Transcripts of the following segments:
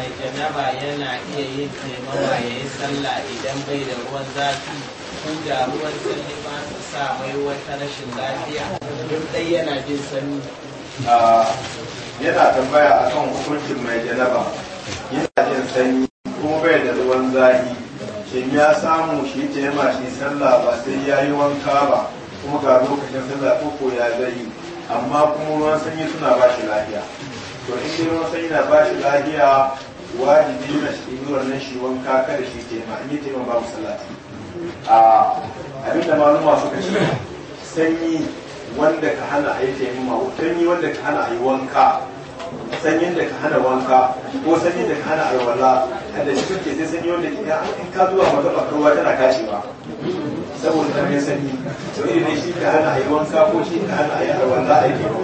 mai janaba yana iya yin taimawa ya yi sallah idan bai da ruwan zafi ko da ruwan sanyi ma su sa mai wata rashin lafiya duk dai yana jin sanyi yana tambaya akan hukuncin mai janaba yana jin sanyi kuma bai da ruwan zafi shin ya samu shi taimaka shi sallah ba sai ya yi wanka ba kuma ga lokacin sallah koko ya zai amma kuma ruwan sanyi suna ba shi lafiya to in ruwan sanyi na ba shi lafiya wani ne na shi yi nan shi wanka kada shi tema in yi tema babu salati a abinda maluma suka ce sanyi wanda ka hana a yi tema sanyi wanda ka hana a yi wanka sanyin da ka hana wanka ko sanyin da ka hana a alwala da shi suke sai sanyi wanda ke in ka zuwa mata bakarwa tana kashewa saboda ta mai sanyi to irin ne shi ka hana a yi wanka ko shi ka hana a yi a alwala a yi tema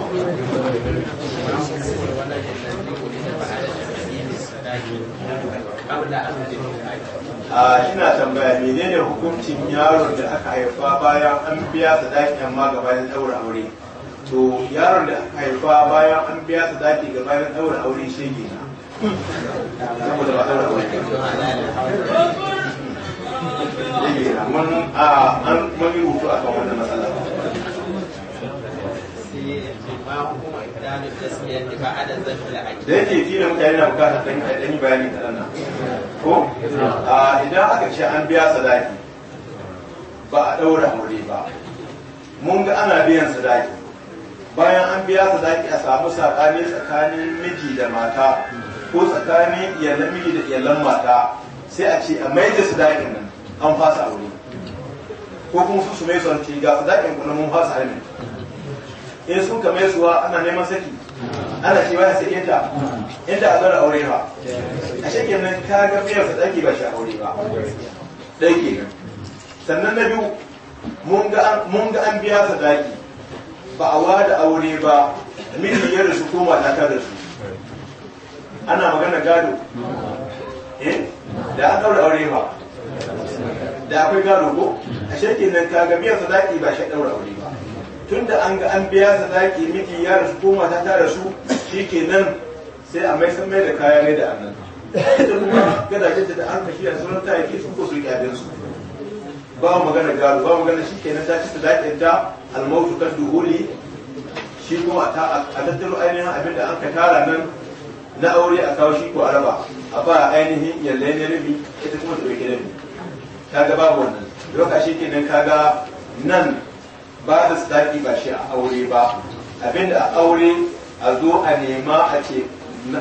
a shina tambaya menene hukuncin yaron da aka haifa bayan an biya sadaki amma gabanin daura aure to yaron da aka haifa bayan an biya sadaki gabanin daura aure shege na saboda ba daura aure shege na mun a an mun a kan wannan matsalar yake kila mutane na bukatar dan dan yi bayani kaɗan nan ko idan aka ce an biya sadaki ba a ɗaura aure ba mun ga ana biyan sadaki bayan an biya sadaki a samu saɓani tsakanin miji da mata ko tsakanin iyalan miji da iyalan mata sai a ce a mai da sadakin nan an fasa aure ko kuma su su mai son ce ga sadakin kuma mun fasa aure in eh, sun kame suwa ana neman saki ana cewa ya sake ta inda a zara aure ba a shi nan ka ga fiyar sa tsaki ba shi aure ba ɗai sannan na biyu mun ga an biya sadaki ba a wada aure ba miji ya su ko mata da su. ana magana gado eh da an daura aure ba da akwai gado ko a shi nan ka ga biyan sadaki ba shi daura aure tun da an ga an biya sadaki miki ya rasu ko mata ta rasu nan sai a mai san mai da kaya ne da annan ita kuma gadajen da an kashi a sauran tayyaki su ko su kyadin su ba magana gado ba magana shi nan ta ci sadakin ta almautu kan duhuli shi kuma a tattaro ainihin abin da an ka tara nan na aure a kawo shi ko a raba a ba ainihin yalle ne rabi ita kuma ta ɗauki rabi ta ga babu wannan lokaci ka ga nan ba da sadaki ba shi a aure ba abinda a aure a zo a nema a ce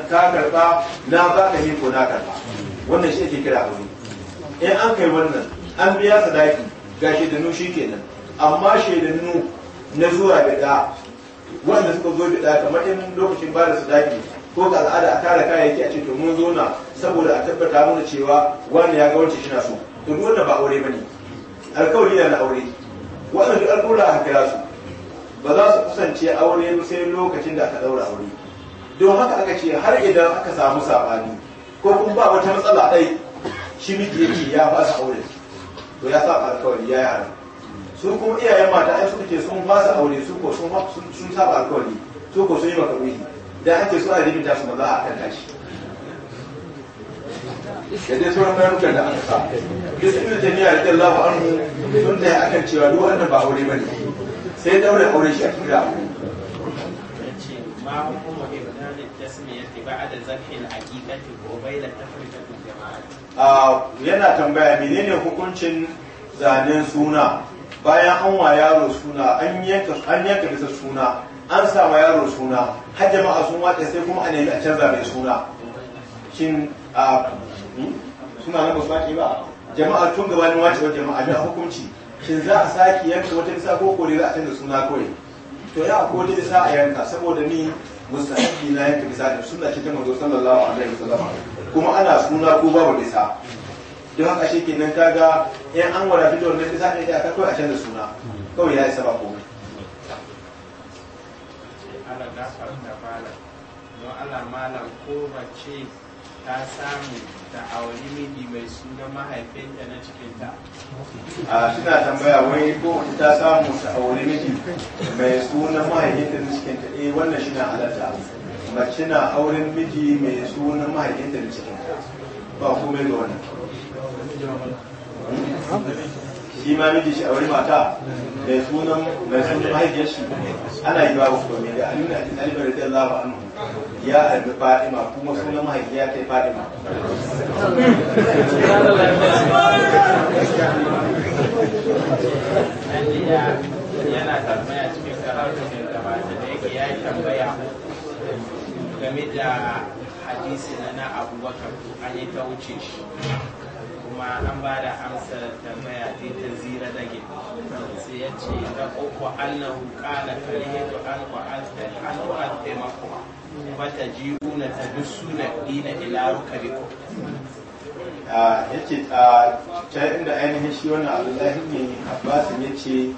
ka karba na ba ka yi ko na karba wannan shi ake kira aure in an kai wannan an biya sadaki ga shaidanu shi kenan amma shaidanu na zuwa da wanda suka zo da kamar in lokacin ba da sadaki ko ka al'ada a tara kayayyaki a ce to mun zo na saboda a tabbata mana cewa wanda ya ga wancan shi na so to duk wannan ba aure bane alkawari na aure wannan duk alƙawura aka kira su ba za su kusance aure sai lokacin da aka ɗaura aure don haka aka ce har idan aka samu sabani ko kun ba wata matsala ɗai shi miji yake ya su aure to ya saba alƙawari ya yi haram su kuma iyayen mata ai suka ce sun su aure su ko sun saba alkawari su ko sun yi da ake so a ribita su maza a kan tashi da dai sauran bayanukan da aka sa duk ibn taymiya radiyallahu anhu sun da akan cewa duk wannan ba aure bane sai daure aure shi a cikin yana tambaya ما hukuncin zanen suna bayan an wa yaro suna an yanka an yanka bisa suna an sa wa yaro suna har jama'a sun wata sai kuma a nemi a canza mai suna shin suna nan ba ba jama'a tun gabanin wacewar jama'a da hukunci shin za a sake yanka wata bisa ko kore za a canza suna kawai to ya ko wata bisa a yanka saboda ni mustahabi na yanka bisa da sunna ce ta manzo sallallahu alaihi wasallam kuma ana suna ko babu bisa don haka shi kenan kaga in an wada fito wannan bisa ne da kawai a canza suna kawai ya isa ba komai Allah da malam don Allah malam ko ce ta samu da auri miji mai suna mahaifinta na cikinta a suna tambaya wani ko ta samu da auri miji mai suna mahaifinta na cikinta eh wannan shi na halatta mace na auren miji mai suna mahaifinta na cikinta ba komai ga wannan shi ma miji shi aure mata mai sunan mai sunan mahaifiyar shi ana yi ba komai da alina da alibar da Allah anhu ya haifi fadima kuma sunan mahaifi ya kai fadima yana tambaya cikin sarautar da gabata da yake ya tambaya game da hadisi na abubakar an yi ta wuce shi kuma an ba da amsa tambaya ta ta zira dage sai ya ce na uku da qala to an qa'ata an qa'ata makum wata na ta suna dina ila rukabiku ya ce ta inda ainihin shi wannan abdullahi ne abbas ya ce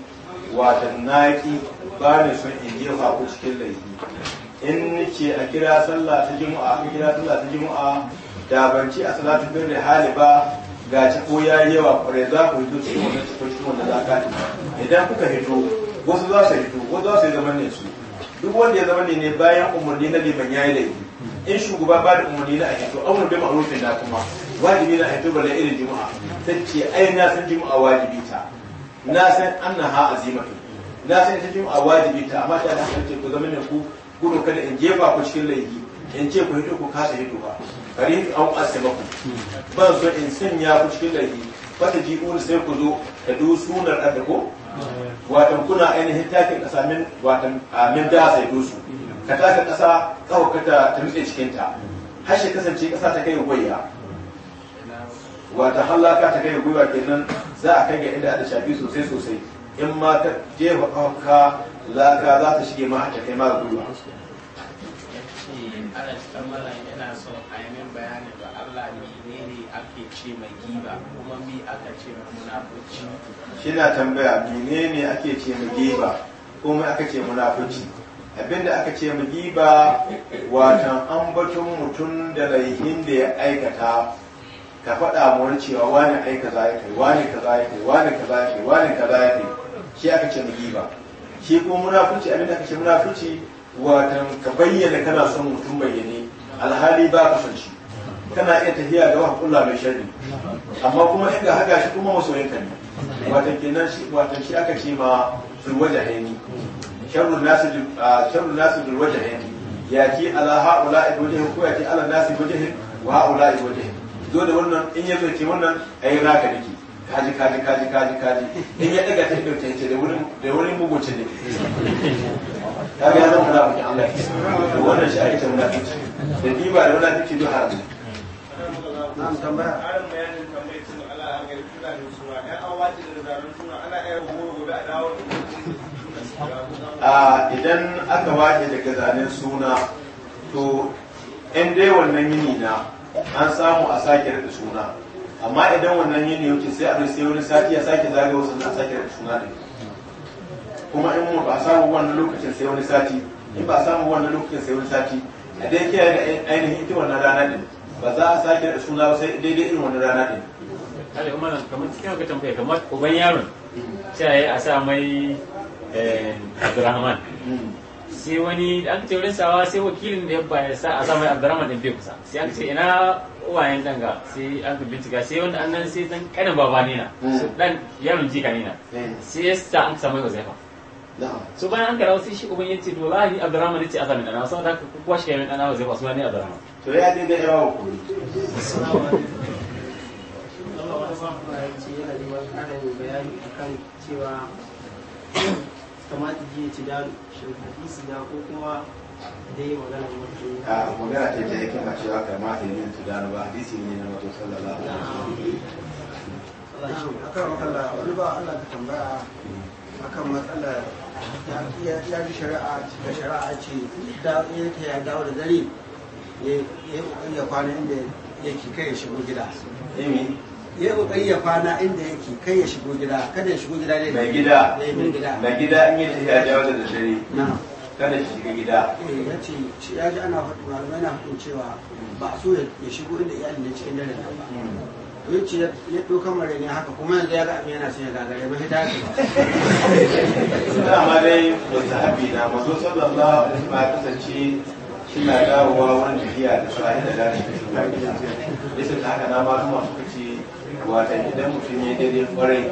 wata naki ba ni son in jefa ku cikin laifi in nake a kira sallah ta juma'a a kira sallah ta juma'a da ban ci a salatu birri hali ba ga ci ko ya yi yawa kwarai za ku hito cikin wannan wanda za ka zakati idan kuka hito wasu za su hito wasu za su yi zaman ne su duk wanda ya zama ne ne bayan umarni na liman ya yi laifi in shugaba ba da umarni na a hito amur bi ma'rufin da kuma wajibi na hito bala irin jima'a ta ce ai na san jima'a wajibi ta na san annaha azimatu na san ita jima'a wajibi ta amma ta da hakan ku zama ne ku gudu kada in jefa ku cikin laifi in ce ku hito ku kasa hito ba bari an asimaku ban so in sanya ku cikin laifi ba ta ji uri sai ku zo ta du sunar da ko watan kuna ainihin takin ƙasa min watan amin da sai dusu ka taka ƙasa kawo ka ta nutse cikin ta har kasance ƙasa ta kai goyya wata halaka ta kai goyya kenan za a kai ga inda da shafi sosai sosai in ma ta jefa kanka laka za ta shige ma ta kai ma goyya ana cikin malam yana son a yi min bayani da Allah menene ake ce mai giba kuma mi aka ce mai munafuci shi na tambaya menene ake ce mai giba kuma aka ce munafuci abinda aka ce mai giba watan ambaton mutum da laihin da ya aikata ka faɗa mu cewa wani aika za ya kai wani kaza ya kai wani kaza ya kai wani kaza ya kai shi aka ce mai giba shi kuma munafuci abinda aka ce munafuci watan ka bayyana kana son mutum bayyane alhali ba ka son shi kana iya tafiya ga kulla mai shari amma kuma in ga haka shi kuma ka ne watan kenan shi watan shi aka ce ma zulwajahaini sharrun nasu sharrun nasu zulwajahaini yaki ala haula ibwajhin ko yaki ala nasi ibwajhin wa haula ibwajhin zo da wannan in ya zo ce wannan ayi naka dake kaji kaji kaji kaji kaji in ya ɗaga ta dauke da wurin da ne ta ga zan kana mutum Allah ke to wannan shi ake munafici da diba da munafici duk haram ne na'am tambaya aran bayanin tambayar sun ala an ga kula da suna ya awaji da zaran suna ana ayar gobe a dawo a idan aka waje daga zanen suna to in dai wannan yini na an samu a sake da suna amma idan wannan yini yake sai a sai wani sati a sake zagawa sannan a sake da suna ne kuma in ba ba samu wannan lokacin sai wani sati in ba a samu wannan lokacin sai wani sati a dai kiyaye da ainihin ita wannan rana din ba za a sake da suna sai daidai irin wannan rana din kada kuma nan kamar cikin haka tambaya kamar uban yaron sai a sa mai eh, Abdurrahman sai wani da aka ce wurin sawa sai wakilin da ya bayar sa a sa mai Abdurrahman din bai kusa sai aka ce ina wayan danga sai an ka bincika sai wanda annan sai dan kanin baba su dan hmm. yaron jika nina, hmm. sai ya sa an samu fa. su bayan an karawa sai shi uban yace to wallahi Abdurrahman yace sau da ku kuwa shi zai wasu ne to ya da yawa ku cewa kamata ji ci da hadisi da ko kuma dai magana mutum a magana ta da ya kama cewa kamata ne ba hadisi ne na wato sallallahu alaihi akan ka tambaya akan matsalar ya ji shari'a da shari'a ce da ya ya dawo da dare ya kwana inda yake kai ya shigo gida eh, ya kokari ya kwana inda yake kai ya shigo gida kada ya shigo gida ne eh, mai gida mai gida in yace ya dawo da dare kada shi shiga gida eh, ya ce ya ji ana faɗi malamai na faɗin cewa ba a so ya shigo inda iyalin ya cikin dare nan ba hmm. ya ce ya ɗaukan mare ne haka kuma yanzu ya ga abin yana son ya gagare ba shi ta haka ba. dama dai wata habi na mazo sallallahu alaihi ba kasance shi na dawowa wurin tafiya da sahi da dare da gida bisa ta haka na malu masu kaci wata idan mutum ya daidai kwarai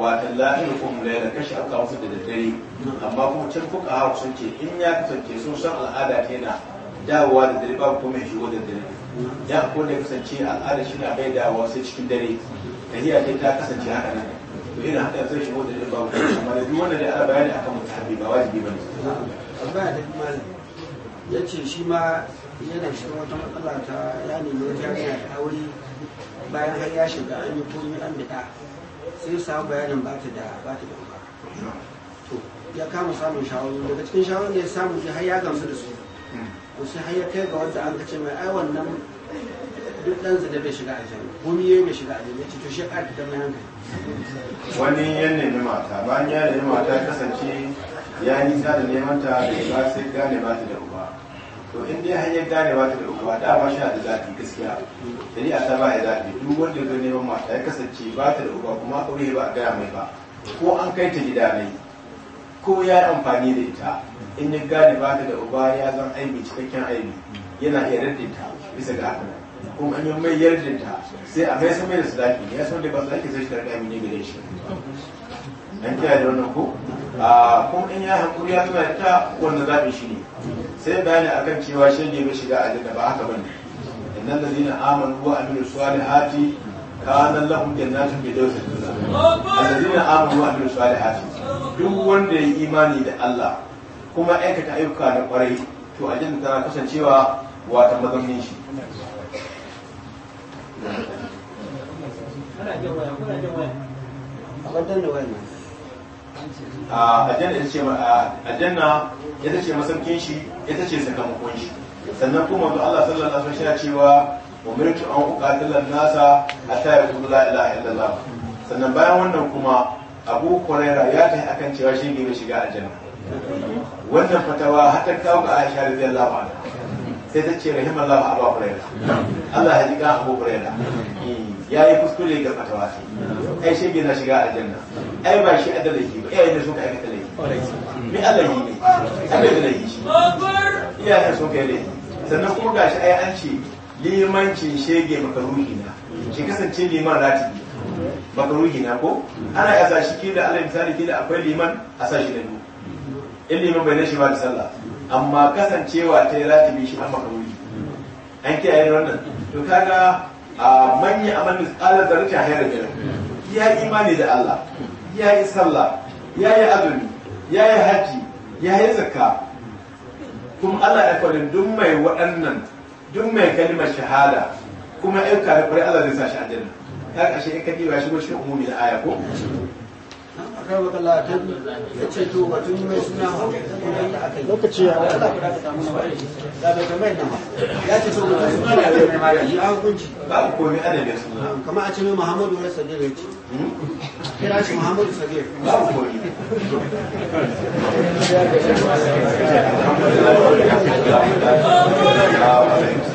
wata lahiru kuma da yana kashe aka wasu da daddare amma kuma can kuka hawa sun ce in ya kasance sun san al'ada ta yana dawowa da dare babu kuma shigo da dare ya ko da kasance al'ada shi na bai dawowa sai cikin dare Ta tahiya dai ta kasance haka nan to irin haka zai shigo da dare babu amma da wannan da ana bayani akan mutahabbi ba wajibi ba ne amma da malam yace shi ma yana shiga wata matsala ta ya nemi wata yarinya ta aure bayan har ya shiga an yi komai an bida sai samu bayanin ba ta da ba ta da uba to ya kama samun shawarwari daga cikin shawarwari da ya samu har ya gamsu da su to sai ya kai ga wanda an kace mai ai wannan duk dan da bai shiga aljanna gumi yayi bai shiga aljanna ce to shi ka ta mai hankali wani ya nemi mata bayan ya nemi mata kasance ya yi nisa da neman ta ba sai gane ba ta da uba to in dai hanyar gane ba ta da uba da ba shi da zafi gaskiya da ni a ta ba ya zafi duk wanda ya neman mata ya kasance ba ta da uba kuma aure ba a gaya mai ba ko an kai ta gida ne ko ya yi amfani da ita in ya gane ba ta da uba ya zan aibi cikakken aibi yana iya raddinta bisa ga haka ko an yi mai yardinta sai a mai sami da zafi ya san da ba zafi zai shi da mini ne gare shi an kira da wannan ko a kuma in ya hankuri ya tuna ta wanda zafi shi ne sai bayani akan cewa shi ne mai shiga aljanna ba haka bane innal ladina amanu wa amilus salihati kana lahum jannatun bidawsin alladina amanu wa amilus salihati duk wanda ya yi imani da Allah kuma aikata ayyuka da kwarai to aljanna tana kasancewa wata mazaunin shi aljanna ita ce masaukin shi ita ce sakamakon shi sannan kuma da Allah sallallahu alaihi wasallam cewa wa umirtu an uqatila nasa hatta yaqulu la ilaha illallah sannan bayan wannan kuma abu huraira ya tafi akan cewa shi bai shiga aljanna wannan fatawa har ta kawo ga aisha radiyallahu anha sai ta ce rahimallahu abu huraira Allah ya ji ga abu huraira hmm, ya yi kuskure ga fatawa sai ai shi bai na shiga aljanna ai ba shi adala shi ba iyayen da suka aikata laifi mi Allah yi ne abin da laifi shi iyayen suka yi laifi sannan kuma gashi ai an ce limancin shege makaruhi na shi kasance liman ratibi makaruhi na ko ana ya sashi kila alal misali kila akwai liman a sashi da biyu in liman bai nashi ba da sallah amma kasancewa ta yi ratibi shi a makaruhi an kiyaye da wannan to kaga a manya amal misalar da rikin hayar da ya yi imani da Allah ya yi sallah ya yi azumi ya yi haji ya yi zakka kuma Allah ya kwarin duk mai waɗannan duk mai kalimar shahada kuma ayyuka da kwarai Allah zai sa shi aljanna ka kashe in ka shi cikin umumi na aya ko kala ya ce to batun mai suna hukunan da aka yi ya na ya ce to batun suna mai ba a ce mai muhammadu wani sagir ya ce hmm? kira shi muhammadu sagir ba ku